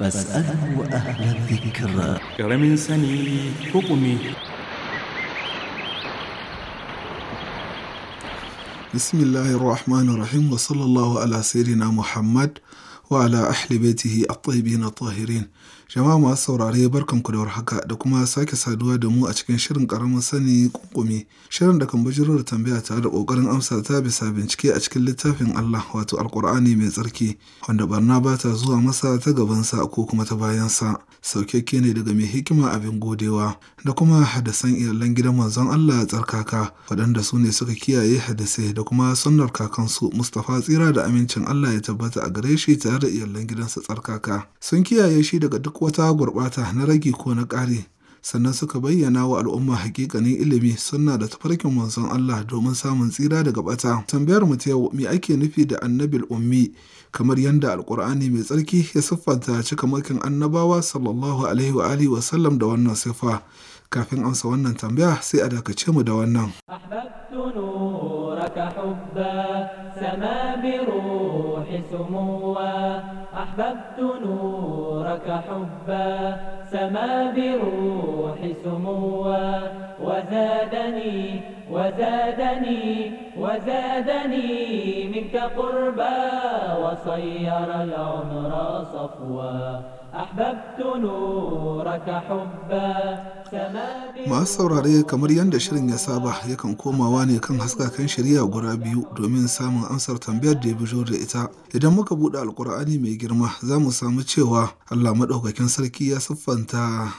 فاسأله أهل الذكر كرم سني حكمي بسم الله الرحمن الرحيم وصلى الله على سيدنا محمد وعلى أهل بيته الطيبين الطاهرين Jama'a masu saurare barkanku da warhaka da kuma sake saduwa da mu a cikin shirin karamin sani kunkumi shirin da kan bujiro da tambaya tare da kokarin amsa ta bisa bincike a cikin littafin Allah wato Alkur'ani mai tsarki wanda barna ba ta zuwa masa ta gabansa ko kuma ta bayansa saukakke ne daga mai hikima abin godewa da kuma hadasan iyalan gidan manzon Allah tsarkaka waɗanda su ne suka kiyaye hadasai da kuma sunnar kakansu Mustapha tsira da amincin Allah ya tabbata a gare shi tare da iyalan gidansa tsarkaka sun kiyaye shi daga duk wata gurɓata na rage ko na ƙari sannan suka bayyana wa al'umma hakikanin ilimi sunna da tafarkin manzon Allah domin samun tsira daga bata. Tambayar mu ta yau me ake nufi da annabil ummi kamar yadda alkur'ani mai tsarki ya siffanta mulkin annabawa sallallahu alaihi wa alihi wa sallam da wannan sifa kafin amsa wannan tambaya sai a dakace mu da wannan. وفاقك حبا سما بروح سموا وزادني وزادني وزادني منك قربا وصير العمر صفوا أحببت نورك حبا masu saurare kamar yadda shirin ya saba yakan komawa ne kan haskakan shari'a guda biyu domin samun amsar tambayar da ya bijo da ita idan muka buɗe alkur'ani mai girma za mu samu cewa allah maɗaukakin sarki ya siffanta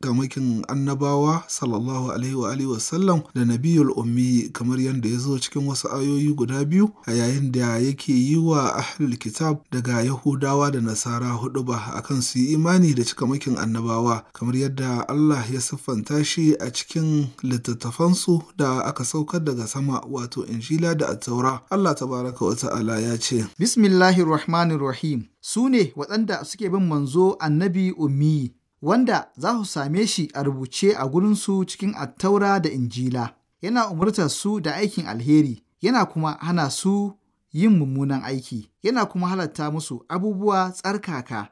tamakin annabawa sallallahu alaihi wa alihi wasallam da nabiyul ummi kamar yadda ya zo cikin wasu ayoyi guda biyu a yayin da yake yi wa ahlul kitab daga yahudawa da nasara hudu ba akan su yi imani da cikamakin annabawa kamar yadda allah ya siffanta siffanta shi a cikin littattafansu da aka saukar daga sama wato injila da attaura Allah tabaraka wa ta'ala ya ce bismillahir rahmanir rahim su ne waɗanda suke bin manzo annabi ummi wanda za su same shi a rubuce a gurinsu cikin attaura da injila yana umurtar su da aikin alheri yana kuma hana su yin mummunan aiki yana kuma halatta musu abubuwa tsarkaka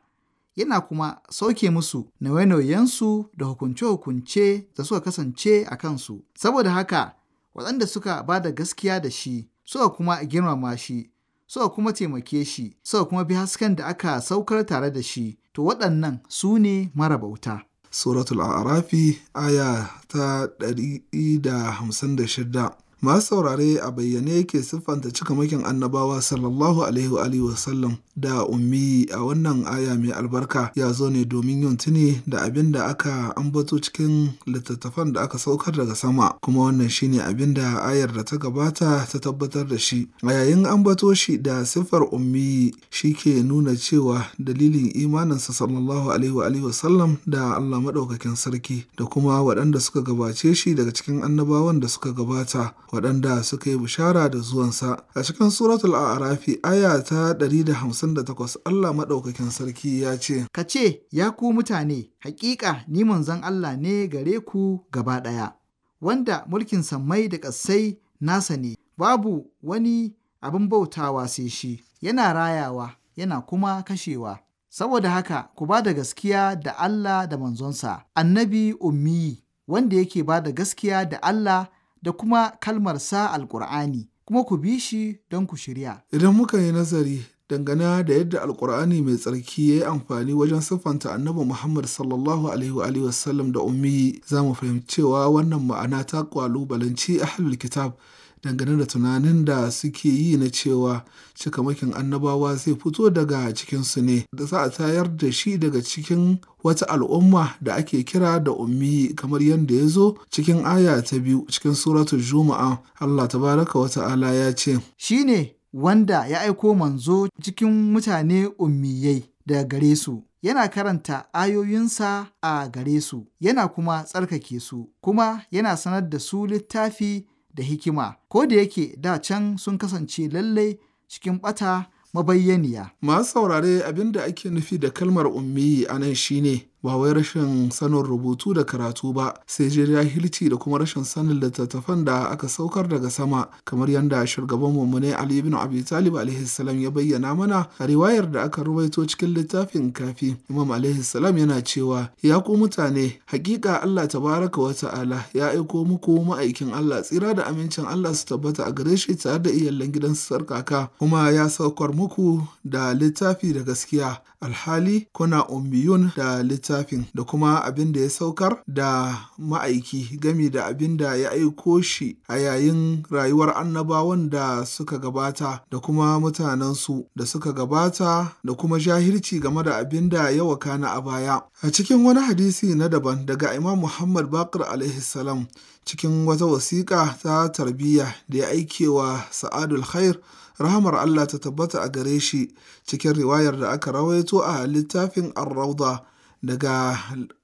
yana kuma sauke musu nauye-nauyensu da hukunce-hukunce da suka kasance a kansu. Saboda haka, waɗanda suka ba da gaskiya da shi, suka kuma girmama shi, suka kuma taimake shi, suka kuma bi hasken da aka saukar tare da shi, to waɗannan su ne marabauta. Suratul A'rafi aya ta 156 masu saurare a bayyane yake siffanta cikamakin annabawa sallallahu alaihi wa sallam da ummi a wannan aya mai albarka ya zo ne domin yin tuni da abin da aka ambato cikin littattafan da aka saukar daga sama kuma wannan shine abin da ayar da ta gabata ta tabbatar da shi a yayin ambato shi da siffar ummi shi ke nuna cewa dalilin imaninsa sallallahu alaihi wa sallam da Allah maɗaukakin sarki da kuma waɗanda suka gabace shi daga cikin annabawan da suka gabata waɗanda suka yi bishara da zuwansa a cikin suratul a'rafi aya ta 158 Allah maɗaukakin sarki ya ce ka ce ya ku mutane hakika ni manzon Allah ne gare ku gaba ɗaya wanda mulkin sammai da ƙasai nasa ne babu wani abin bautawa sai shi yana rayawa yana kuma kashewa saboda haka ku ba da gaskiya da Allah da manzonsa annabi ummi wanda yake ba da gaskiya da Allah da kuma kalmarsa alkur'ani kuma ku bi shi don ku shirya. Idan muka yi nazari dangane da yadda alkur'ani mai tsarki ya yi amfani wajen siffanta annabi muhammad sallallahu alaihi wa sallam da ummi za mu fahimci cewa wannan ma'ana ta kwalubalanci ahlul kitab dangane da tunanin da suke yi na cewa cikamakin annabawa zai fito daga cikinsu ne da za a tayar da shi daga cikin wata al'umma da ake kira da ummi kamar yadda ya zo cikin aya ta biyu cikin suratul juma'a Allah tabaraka wa ta'ala ya ce Shi ne wanda ya aiko manzo cikin mutane ummiyai da gare su yana karanta ayoyinsa a gare su yana kuma tsarkake su kuma yana sanar da su littafi da hikima, ko da yake da can sun kasance lallai cikin ɓata mabayyaniya. Masu saurare abin da ake nufi da kalmar ummi a nan shine ba wai rashin sanin rubutu da karatu ba sai je jahilci da kuma rashin sanin littattafan da aka saukar daga sama kamar yadda shugaban ne Ali ibn Abi Talib alaihi salam ya bayyana mana a riwayar da aka rubaito cikin littafin kafi Imam alaihi salam yana cewa ya ku mutane hakika Allah tabaraka wa ta'ala ya aiko muku ma'aikin Allah tsira da amincin Allah su tabbata a gare shi tare da iyallen gidan sarkaka kuma ya saukar muku da littafi da gaskiya alhali kuna ummiyun da littafi littafin da kuma abin da ya saukar da ma'aiki gami da abin da ya aiko shi a yayin rayuwar annabawan da suka gabata da kuma mutanensu da suka gabata da kuma jahilci game da abin da ya wakana a baya. A cikin wani hadisi na daban daga Imam Muhammad Bakir alaihi salam cikin wata wasiƙa ta tarbiyya da ya aikewa Sa'adul Khair rahamar Allah ta tabbata a gare shi cikin riwayar da aka rawaito a littafin Ar-Rawda daga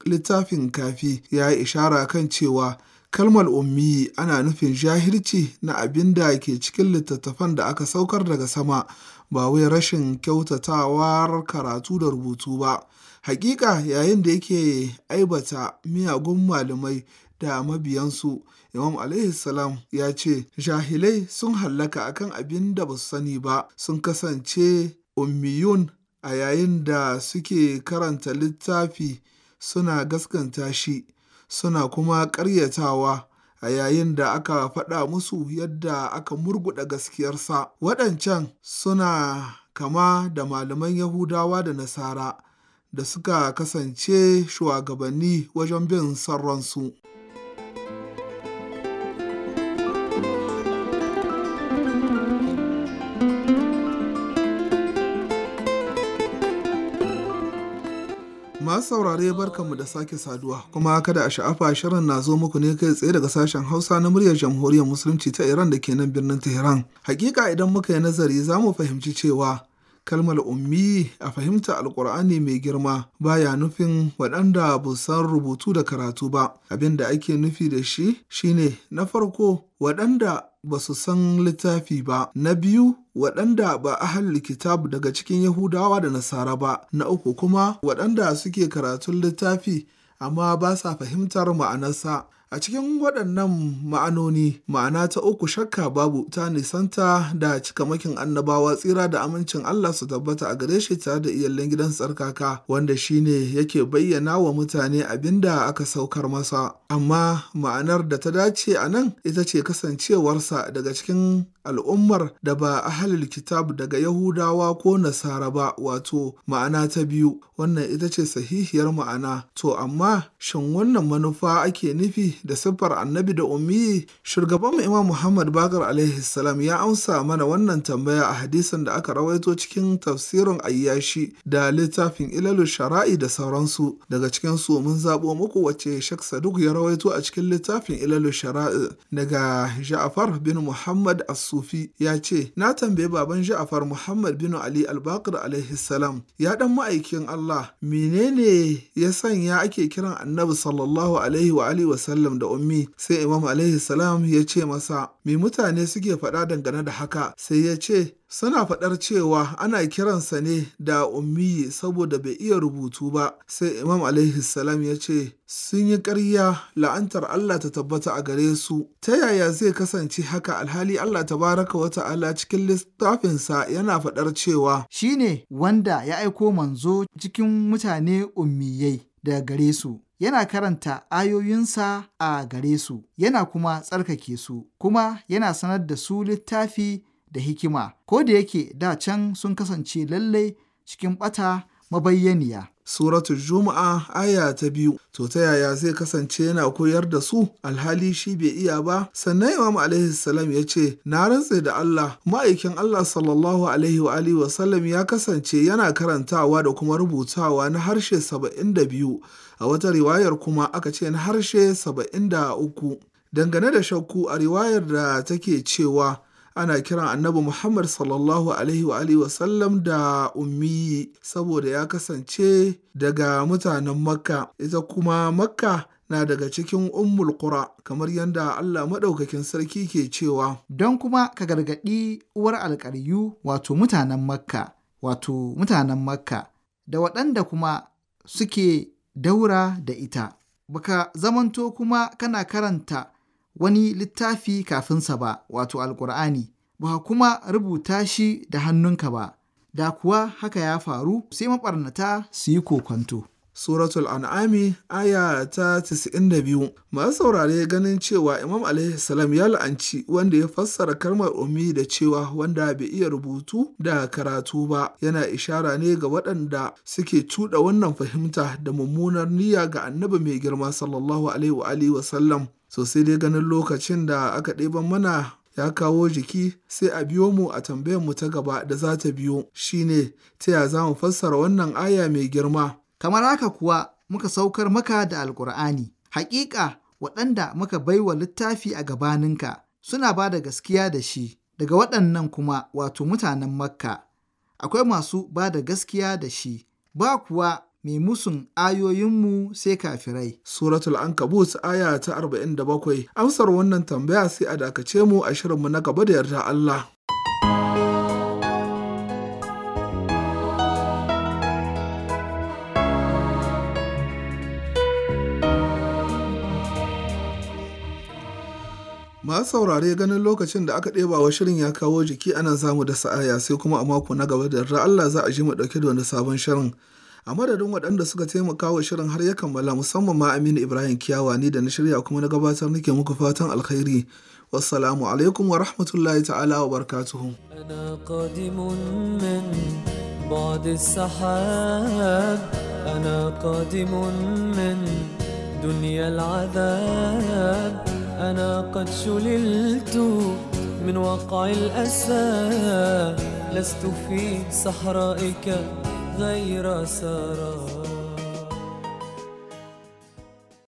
littafin kafi ya yi ishara kan cewa kalmar ummi ana nufin jahilci na abin da ke cikin littattafan da aka saukar daga sama ba wai rashin kyautatawar karatu da rubutu ba hakika yayin da yake aibata miyagun malamai da mabiyansu imam salam ya ce jahilai sun hallaka akan abin da ba su sani ba sun kasance ummiyun a yayin da suke karanta littafi suna gaskanta shi, suna kuma ƙaryatawa a yayin da aka faɗa musu yadda aka murguɗa gaskiyarsa. Waɗancan suna kama da malaman Yahudawa da Nasara da suka kasance shugabanni wajen bin son saurare barkanmu da sake saduwa kuma kada a sha'afa shirin na zo muku ne kai tsaye daga sashen Hausa na muryar Jamhuriyar Musulunci ta Iran da ke nan birnin Tehran. Hakika idan muka yi nazari za mu fahimci cewa kalmar ummi a fahimta alkur'ani mai girma baya nufin waɗanda ba san rubutu da karatu ba abin da ake nufi da shi shine na farko waɗanda ba su san littafi ba na biyu waɗanda ba a ahal kitab daga cikin Yahudawa da Nasara ba, na uku kuma waɗanda suke karatun littafi amma ba sa fahimtar ma'anarsa. A cikin waɗannan ma'anoni, ma'ana ta uku shakka babu ta nisanta da cikamakin annabawa tsira da amincin Allah su tabbata a gare shi tare da iyalin gidan tsarkaka wanda shine yake bayyana wa mutane abin da aka saukar masa. Amma ma'anar da ta dace a nan ita ce kasancewarsa daga cikin al'ummar da ba ahalil kitab daga Yahudawa ko Nasara ba wato ma'ana ta biyu wannan ita ce sahihiyar ma'ana to amma shin wannan manufa ake nufi da siffar annabi da ummi shugaban imam muhammad bakar alaihi ya amsa mana wannan tambaya a hadisan da aka rawaito cikin tafsirin ayyashi da littafin ilalu shara'i da sauransu daga cikin su mun zabo muku wace shak saduk ya rawaito a cikin littafin ilalu shara'i daga ja'far bin muhammad as-sufi ya ce na tambaye baban ja'far muhammad bin ali al-bakir alaihi ya dan ma'aikin allah menene ya sanya ake kiran annabi sallallahu alaihi wa alihi wa Adam da Ummi sai Imam alaihi salam ya ce masa me mutane suke faɗa dangane da haka sai ya ce suna faɗar cewa ana kiransa ne da ummi saboda bai iya rubutu ba sai imam alaihi salam ya ce sun yi karya la'antar Allah ta tabbata a gare su ta yaya zai kasance haka alhali Allah ta baraka wata ta'ala cikin littafinsa yana faɗar cewa shine wanda ya aiko manzo cikin mutane ummiyai daga gare su yana karanta ayoyinsa a gare su, yana kuma tsarkake su, kuma yana sanar da su littafi da hikima, ko da yake da can sun kasance lallai cikin ɓata mabayyaniya. Suratul Juma'a aya ta biyu, to ta yaya zai kasance yana koyar da su alhali shi bai iya ba, sannan Imam alaihi salam ya ce, Na rantse da Allah, ma'aikin Allah sallallahu alaihi wa alihi wa sallam ya kasance yana karantawa da kuma rubutawa na harshe saba'in da biyu, a wata riwayar kuma aka ce na harshe saba'in da uku. Dangane da shakku a riwayar da take cewa ana kiran annabi Muhammad sallallahu alaihi wa alihi wasallam da ummi saboda ya kasance daga mutanen Makka ita kuma Makka na daga cikin ummul qura kamar yadda Allah maɗaukakin sarki ke cewa don kuma ka gargaɗi uwar alƙaryu wato mutanen Makka wato mutanen Makka da waɗanda kuma suke daura da ita baka zamanto kuma kana karanta wani littafi kafinsa ba, wato Alƙur'ani, ba kuma rubuta shi da hannunka ba, da kuwa haka ya faru sai maɓarnata su yi kokonto. Suratul An'ami aya ta 92 masu saurare ganin cewa Imam alaihi salam ya la'anci wanda ya fassara kalmar ummi da cewa wanda bai iya rubutu da karatu ba yana ishara ne ga waɗanda suke cuɗa wannan fahimta da mummunar niyya ga annabi mai girma sallallahu alaihi wa alihi sosai dai ganin lokacin da aka ɗeban mana ya kawo jiki sai a biyo mu a tambayar mu ta gaba da za ta biyo shine ta ya za mu fassara wannan aya mai girma Kamar haka kuwa muka saukar maka da alkur'ani. haƙiƙa waɗanda muka baiwa littafi a gabaninka suna ba da gaskiya da shi, daga waɗannan kuma wato mutanen Makka, akwai masu ba da gaskiya da shi, ba kuwa mai musun ayoyinmu sai kafirai. Suratul Ankabut aya ta 47 amsar wannan tambaya sai a dakace mu a shirinmu na gaba da yarda Allah. Ma saurare ganin lokacin da aka ɗeba wa shirin ya kawo jiki ana samu da sa'aya sai kuma a mako na gaba da ra Allah za a ji mu dauke da wani sabon shirin a madadin waɗanda suka taimaka wa shirin har ya kammala musamman ma Aminu Ibrahim Kiyawa ni da na shirya kuma na gabatar nake muku fatan alkhairi wassalamu alaikum wa rahmatullahi ta'ala wa barakatuhu بعد السحاب أنا قادم من دنيا العذاب أنا قد شللت من وقع الأسى لست في صحرائك غير سراب